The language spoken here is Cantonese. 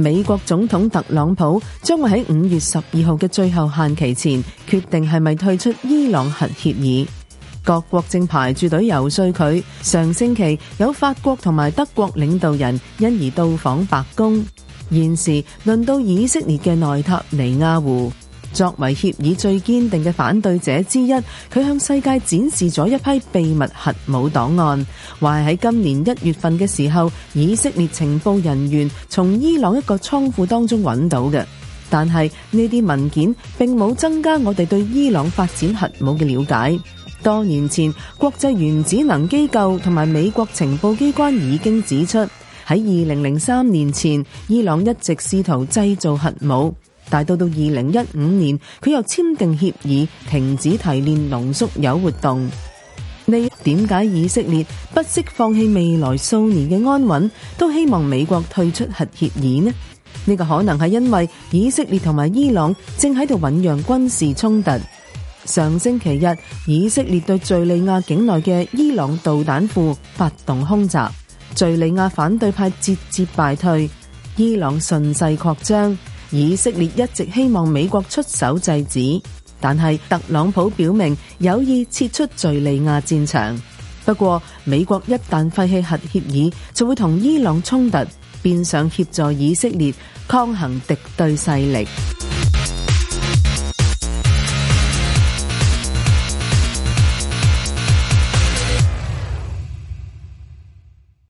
美國總統特朗普將會喺五月十二號嘅最後限期前決定係咪退出伊朗核協議，各國正排住隊遊說佢。上星期有法國同埋德國領導人因而到訪白宮，現時輪到以色列嘅內塔尼亞胡。作為協議最堅定嘅反對者之一，佢向世界展示咗一批秘密核武檔案，話係喺今年一月份嘅時候，以色列情報人員從伊朗一個倉庫當中揾到嘅。但係呢啲文件並冇增加我哋對伊朗發展核武嘅了解。多年前，國際原子能機構同埋美國情報機關已經指出，喺二零零三年前，伊朗一直試圖製造核武。但到到二零一五年，佢又簽訂協議，停止提煉濃縮鈾活動。呢，點解以色列不惜放棄未來數年嘅安穩，都希望美國退出核協議呢？呢、呢個可能係因為以色列同埋伊朗正喺度醞釀軍事衝突。上星期日，以色列對敘利亞境內嘅伊朗導彈庫發動空襲，敘利亞反對派節節敗退，伊朗順勢擴張。以色列一直希望美國出手制止，但係特朗普表明有意撤出敘利亞戰場。不過，美國一旦廢棄核協議，就會同伊朗衝突，變相協助以色列抗衡敵對勢力。